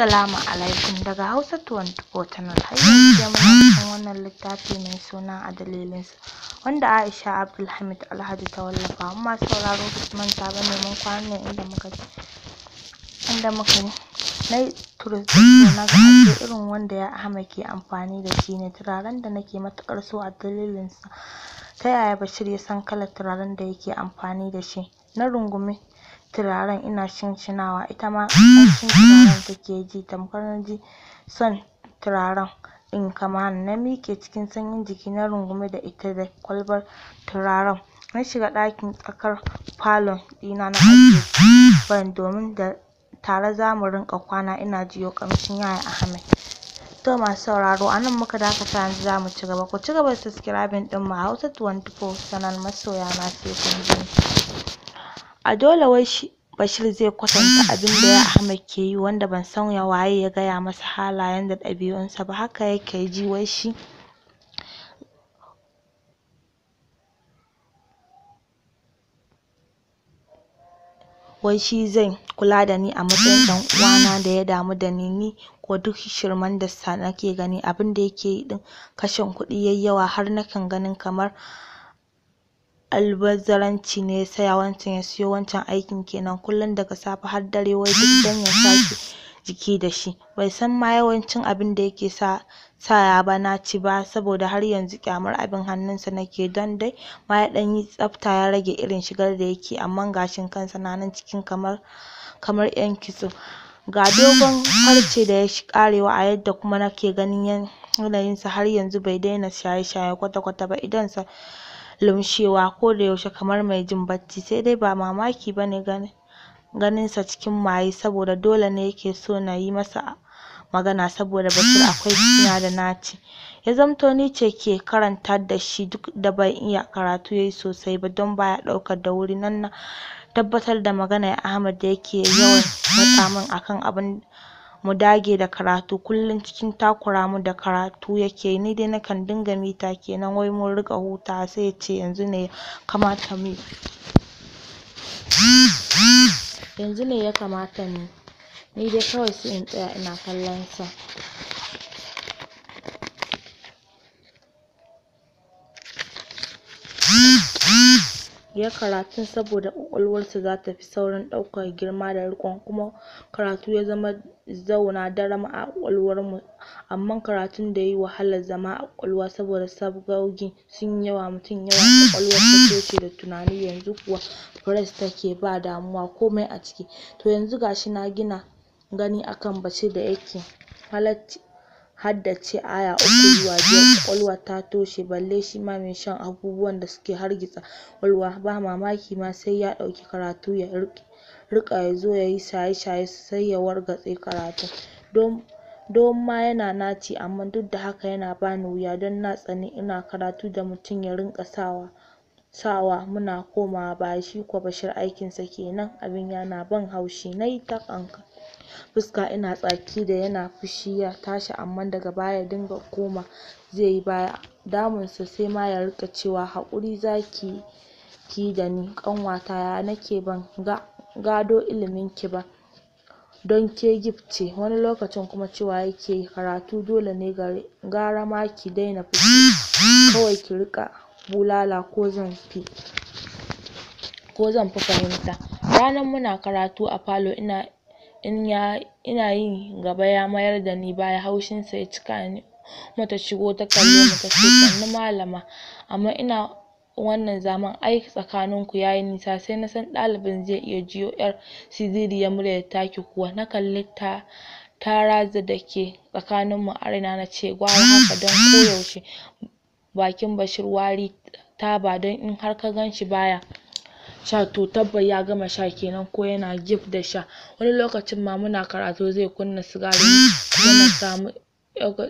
Assalamu alaikum daga Hausa 24 Channel har yanzu muna cikin wannan littafi mai suna a sa wanda Aisha Abdulhamid Alhaji ta wallafa amma sauraro Usman manta ba neman ne inda muka inda muka na turistin na ga irin wanda ya Ahmad ke amfani da shi ne turaren da nake matukar so a dalilinsa ta yaya Bashir ya san kalar turaren da yake amfani da shi na rungume turaren ina shinshinawa ita ma ƙanshin turaren take ji tamkar na ji son turaren ɗin kama ni na miƙe cikin sanyin jiki na rungume da ita da kwalbar turaren na shiga ɗakin tsakar falon ɗina na ajiye ban domin da tare za mu rinƙa kwana ina jiyo ƙamshin Yaya Ahmed. To masu sauraro a nan muka dakata yanzu za mu ci gaba ku ci gaba da subscribing ɗin mu Hausa 24 sanar masoya na sai kun ji. a dole wai shi Bashir zai kwatanta abin da ya Ahmad ke yi wanda ban san ya waye ya gaya masa halayen da ɗabi'unsa ba haka yake ji wai shi wai shi zai kula da ni a matsayin ɗan uwana da ya damu da ni ni ko duk shirman da sa nake gani abin da yake yi din kashin kuɗi yayi yawa har nakan ganin kamar albazaranci ne ya saya wancan ya siyo wancan aikin kenan kullum daga safe har dare wai duk dan ya sake jiki da shi bai san ma yawancin abin da yake sa saya ba na ci ba saboda har yanzu kyamar abin hannunsa nake don dai ma ya ɗan yi tsafta ya rage irin shigar da yake amma gashin kansa na nan cikin kamar kamar ƴan kitso ga dogon farce da ya karewa a yadda kuma nake ganin yanayinsa har yanzu bai daina shaye-shaye kwata-kwata ba idonsa lumshewa yaushe kamar mai jin bacci sai dai ba mamaki ba ne sa cikin maye saboda dole ne yake so na yi masa magana saboda Bashir akwai cikina da naci. Ya zamto ni ce ke karanta da shi duk da ban iya karatu yayi sosai ba don baya ya da wuri nan na tabbatar da maganar Ahmad da yake yawan matsa min akan abin mu dage da karatu kullum cikin takura mu da karatu yake ni dai nakan dinga mita kenan wai mun riƙa hutawa sai ya ce yanzu ne ya kamata mu yanzu ne ya kamata mu ni dai kawai sai in tsaya ina kallon sa ya karatun saboda ƙwaƙwalwarsa za ta fi saurin ɗaukar girma da riƙon kuma karatu ya zama zauna daram a ƙwaƙwalwarmu amma karatun da ya yi wahalar zama a ƙwaƙwalwa saboda sabgogi sun yawa mutum yawa ƙwaƙwalwar ta toshe da tunani yanzu kuwa press take ba damuwa komai a ciki to yanzu ga shi na gina gani akan Bashir da yake halacci ce aya uku zuwa biyar kwakwalwa ta toshe balle shi ma mai shan abubuwan da suke hargitsa kwakwalwa ba mamaki ma sai ya ɗauki karatu ya rika ya zo ya yi shaye-shaye sai ya wargatse karatu. don don ma yana naci amma duk da haka yana bani wuya don na tsani ina karatu da mutum ya rinƙa sawa sawa muna komawa baya shi kuwa Bashir aikinsa kenan abin yana ban haushi nayi ta ƙanƙan fuska ina tsaki da yana fushi ya tashi amma daga baya ya dinga koma zai yi baya damunsa sai ma ya rika cewa haƙuri zaki ki da ni ƙanwata ya nake ban ga gado ki ba don ke gif ce wani lokacin kuma cewa yake karatu dole ne gare gara ma ki daina fushi kawai ki rika. bulala ko zanfi ko zanfi fahimta ranar muna karatu a falo ina in ina yin gaba ya mayar da ni baya haushinsa ya cika ni mata shigo ta kallo ni ce sannu malama amma ina wannan zaman ai tsakaninku ya yi nisa sai na san ɗalibin zai iya jiyo 'yar murya ya taki kuwa na kalli ta da ke tsakaninmu a raina na ce gwara haka don koyaushe bakin Bashir wari taba don in har ka ganshi baya sha to tabbas ya gama sha kenan ko yana gif da sha wani lokacin ma muna karatu zai kunna sigari kuma na samu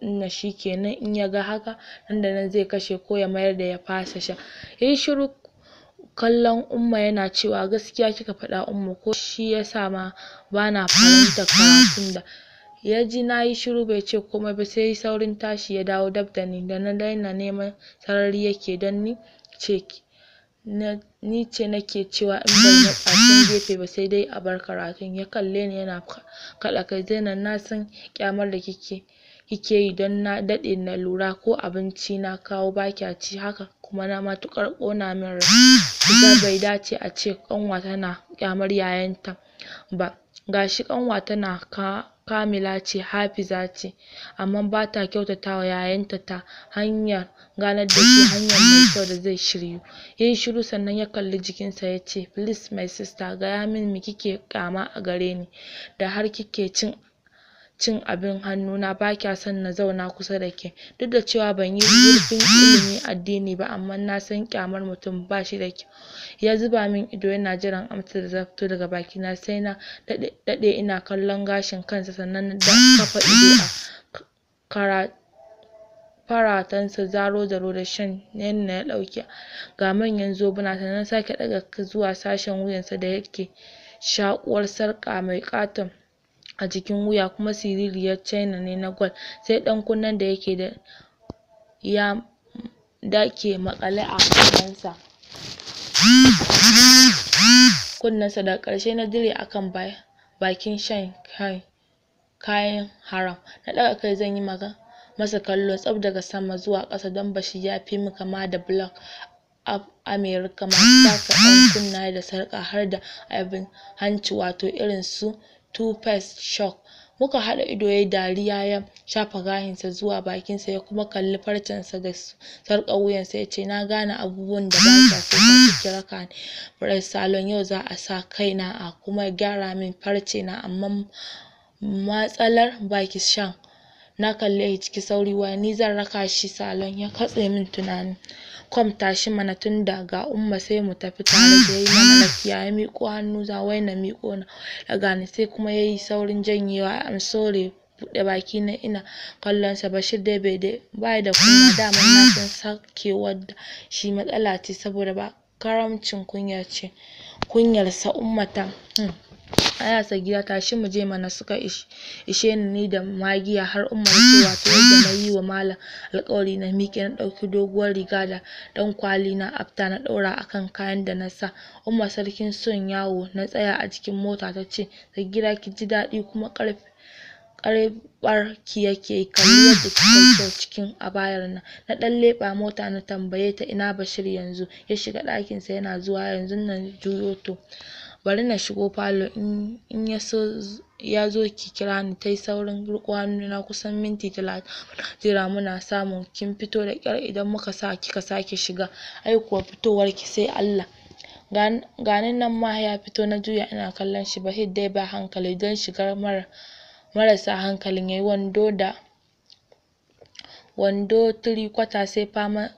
na shi kenan in ya ga haka nan da nan zai kashe ko ya mayar da ya fasa sha yayi shiru kallon Umma yana cewa gaskiya kika faɗa Umma ko shi yasa ma bana karatun da Ya ji na yi shiru bai ce komai ba sai saurin tashi ya dawo dab da ni, da na daina neman sarari yake don ni ce ni ce nake cewa in ban yi can gefe ba sai dai a bar karatun. Ya kalle ni yana kaɗa kai, Zainab na san ƙyamar da kike kike yi don na daɗe na lura ko abinci na kawo ba kya ci, haka kuma na matuƙar ƙona min rai. Kin bai dace a ce ƙanwa tana ƙyamar yayanta ba, ga shi ƙanwa tana ka Kamila ce Hafiza ce, amma ba ta kyautatawa yayanta ta hanyar ganar da ke hanyar mai kyau da zai shiryu. Ya shiru sannan ya kalli jikinsa ya ce, "Please my sister, gaya min me kike ƙyama a gare ni da har kike cin cin abin hannuna ba kya son na zauna kusa da ke. Duk da cewa ban yi zurfin ilimin addini ba amma na san kyamar mutum ba shi da kyau. Ya zuba min ido yana jiran amsar da zafi fito daga bakina sai na daɗe ina kallon gashin kansa sannan na kafa ido a faratansa zaro-zaro da shan henna ya ɗauke ga manyan zobuna sannan sake ɗaga zuwa sashen wuyansa da yake shaƙuwar sarƙa mai ƙaton a jikin wuya kuma siririyar china ne na gwal sai kunnen da yake da ya dake ke maƙale a kunnensa kunnensa da ƙarshe na dire akan bakin shan kayan haram na daga kai zan yi masa kallo tsab daga sama zuwa ƙasa don bashi ya fi mu kama da block Ab America masu saka ɗankunnaye da sarka har da abin hanci wato irin su tupes shok shock muka haɗa ido yayi dariya ya shafa gahinsa zuwa bakinsa ya kuma kalli farcensa da sarƙar wuyansa yace na gane abubuwan da ba sa so sai ki kira ka salon yau za a sa kaina a kuma gyara min farce na amma matsalar baki shan na kalle shi cikin sauri wai ni zan raka shi salon ya katse min tunani kom tashi mana tun da ga umma sai mu tafi tare da yayi mana lafiya ya miƙo hannu za wai na miƙo na daga ni sai kuma yayi saurin janyewa am sorry buɗe baki na ina kallon sa Bashir dai bai dai bai da kuma daman na san sakewar da shi matsala ce saboda ba karamcin kunya ce kunyar sa ummata hmm. Haya gida tashi muje mana suka ishe ni ni da magiya har Umma ya ce wato yadda na yi wa malam alƙawari na miƙe na ɗauki doguwar riga da ɗan kwali na afta na ɗaura a kan kayan da na sa. Umma sarkin son yawo na tsaya a cikin mota ta ce Sagira ki ji daɗi kuma ƙarɓar ki yake kalli yadda kika yi kyau cikin abayar nan. Na ɗan leƙa mota na tambaye ta ina Bashir yanzu, ya shiga ɗakinsa yana zuwa yanzun nan juyo to. bari na shigo falo in in ya so zo ki kira ni tayi saurin riƙo hannuna kusan minti talatin muna jira muna samun kin fito da ƙyar idan muka sa kika sake shiga ai kuwa ki sai Allah ganin nan ma ya fito na juya ina kallon shi Bahit dai ba hankali don shigar mara marasa hankalin yayi wando da wando tiri kwata sai fama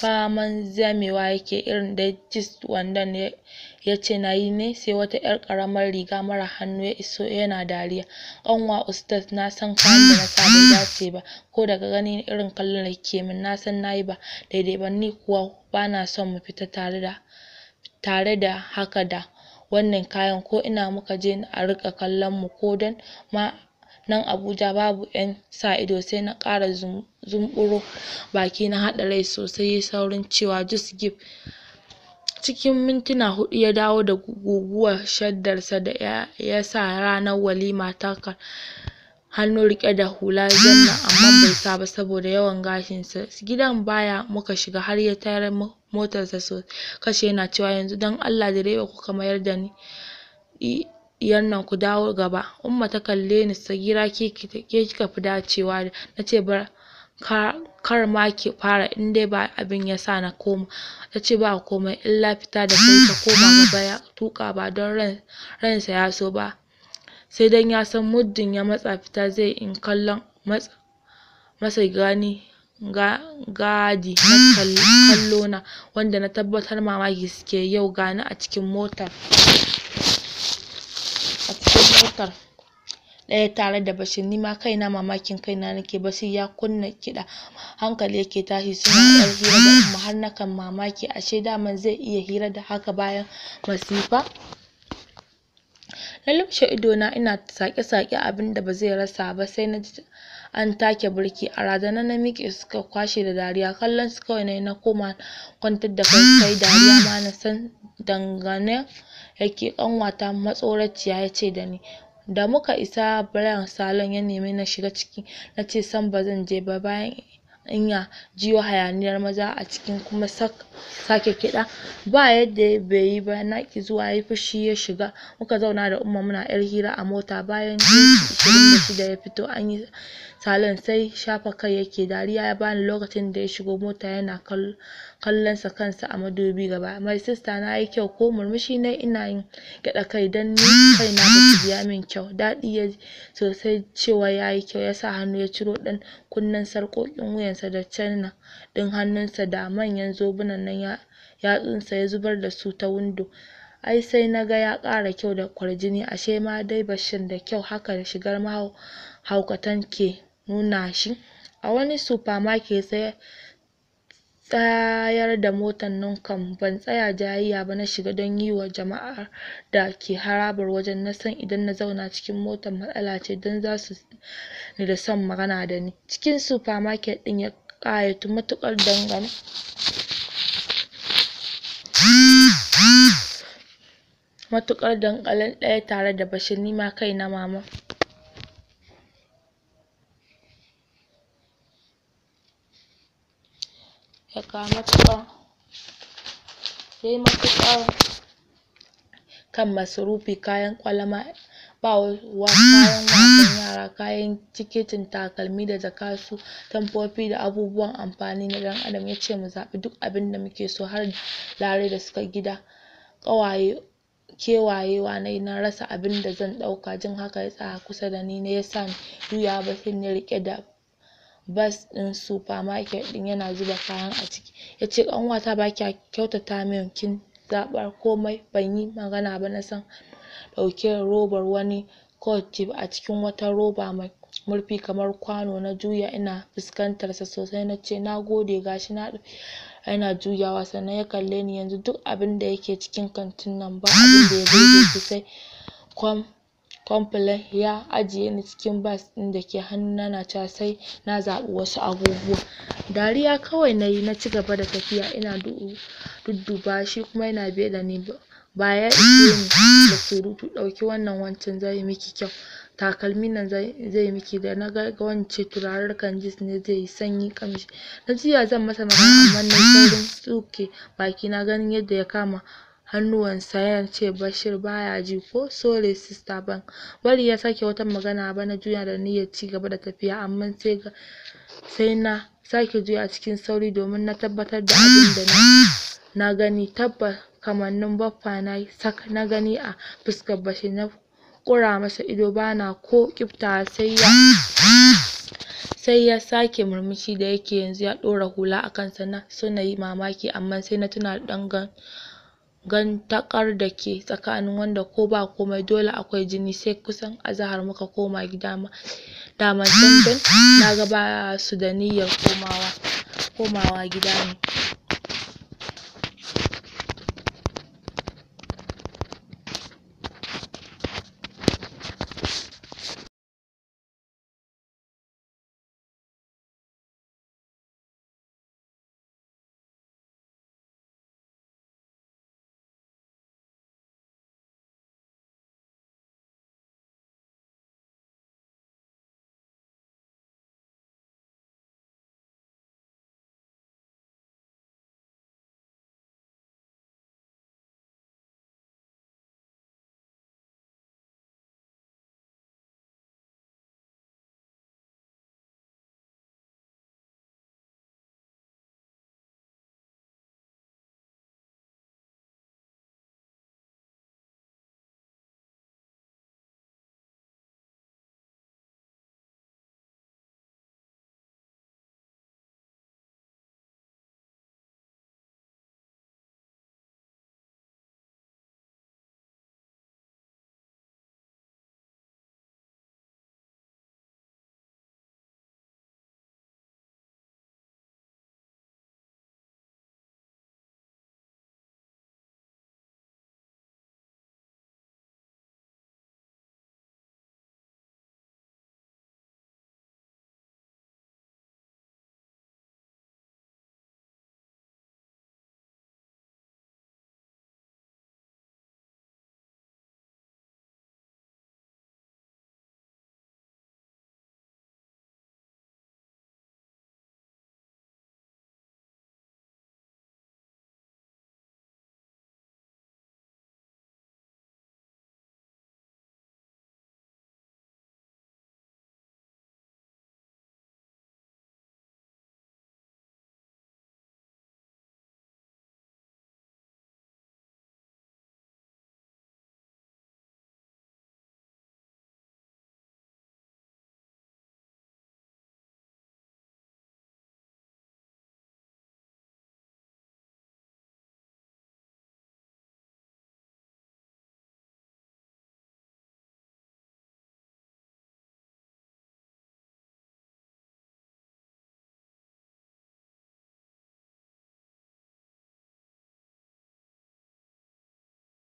faman zamewa yake irin dai ya ce yace nayi ne sai wata 'yar karamar riga mara hannu ya iso yana dariya ƙanwa ustaz san kayan da na sa bai dace ba ko daga gani irin kallon da kike min nasan nayi ba daidai ba ni kuwa bana son mu fita tare da tare da haka da wannan kayan ko ina muka je a riƙa kallon mu ko dan ma nan Abuja babu 'yan sa ido sai na ƙara zumburo baki na haɗa rai sosai saurin cewa jus gif Cikin mintuna huɗu ya dawo da guguwar shaddarsa da ya sa ranar walima ka hannu riƙe da hula janna amma bai sa ba saboda yawan gashinsa. Gidan baya muka shiga har ya tayar motarsa kashe yana cewa "yanzu don Allah direba kuka mayar da ni diyar nan ku dawo gaba Umma ta kalle ni Sagira ke kika fi dacewa da na ce bar kar ma ki fara in ba abin ya sa na koma ta ce ba komai illa fita da kai ta koma gaba ya tuƙa ba don ransa ya so ba sai dan ya san muddin ya matsa fita zai in kallon masa gani gadi na kallo na wanda na tabbatar mamaki suke yau gani a cikin motar ɗaukar ɗaya tare da Bashir nima kaina mamakin kaina nake Bashir ya kunna kiɗa hankali yake tashi suna ɗan hira da kuma har nakan mamaki ashe daman zai iya hira da haka bayan masifa na lumshe idona ina saƙe-saƙe abinda da ba zai rasa ba sai na ji an take birki a razana na miƙe suka kwashe da dariya kallon su kawai na na koma kwantar da kai dariya ma na san dangane yake ƙanwata matsoraciya ya ce da ni da muka isa Brian salon ya nemi na shiga ciki na ce sam ba zan je ba bayan ina jiyo hayaniyar maza a cikin kuma sake kiɗa ba yadda bai yi ba na ƙi zuwa ya fushi ya shiga muka zauna da Umma muna ƴar hira a mota bayan minti ishirin da ya fito an yi salon sai shafa kai yake dariya ya bani lokacin da ya shigo mota yana kallon sa kansa a madubi gaba my sister na yi kyau ko murmushi ne ina yin gyaɗa kai dan ni kaina ba min kyau daɗi ya sosai cewa ya yi kyau ya sa hannu ya ciro ɗan kunnen sarƙoƙin wuyansa da canna din hannunsa da manyan zobunan nan ya yatsunsa ya zubar da su ta window ai sai na ga ya ƙara kyau da kwarjini ashe ma dai bashin da kyau haka shigar haukatan ke nuna shi a wani supermarket sai tsayar da motan nan kam ban tsaya jayayya ba na shiga don yi wa jama'ar da ke harabar wajen na san idan na zauna cikin motan matsala ce don za su ni da son magana da ni cikin supermarket ɗin ya ƙayatu matuƙar dangane matuƙar danƙalen ɗaya tare da bashin ni ma kaina mama. daga matuƙa yayi matuƙa kan masarufi kayan kwalama ba wa kayan wasan yara kayan tiketin takalmi da jaka su tamfofi da abubuwan amfani na ɗan adam yace mu zaɓi duk abinda muke so har lare da suka gida ƙawaye kewayewa nayi na rasa abinda zan ɗauka jin haka ya tsaya kusa da ni dani yasa juyawa ya riƙe da bas ɗin supermarket ɗin yana zuba kayan a ciki yace ƙanwata bakya kyautata min kin zaɓar komai yi magana ba na san ɗauke robar wani coat a cikin wata roba mai murfi kamar kwano na juya ina fuskantar sa sosai nace gode gashi na yana juyawa sannan ya kalle ni yanzu duk abinda yake cikin kantin nan ba abinda ya zo sai kwam complain ya ajiye ni cikin bas ɗin da ke hannuna na cewa sai na zaɓi wasu abubuwa. Dariya kawai na yi na ci gaba da tafiya ina dudduba shi kuma yana biye da ni ya ishe ni da surutu ɗauki wannan wancan zai miki kyau takalmi nan zai miki da na ga wance turarurrukan kanjis ne zai yi sanyi ƙamshi na jiya zan masa magana amma na saurin tsuke bakina ganin yadda ya kama hannuwansa yana ce Bashir baya ji ko sore sista ban bari ya sake wata magana ba na juya da niyyar ci gaba da tafiya amma sai ga sai na sake juya cikin sauri domin na tabbatar da abin da na gani tabbas kamannin baffa na sak na gani a fuskar Bashir na ƙura masa ido bana ko ƙiftawa sai ya sai ya sake murmushi da yake yanzu ya ɗora hula a kansa na suna yi mamaki amma sai na tuna ɗan dangantakar da ke tsakanin wanda ko ba komai dole akwai jini sai kusan azahar muka koma gida ma daman can can na ga ba su da niyyar komawa komawa gida ne.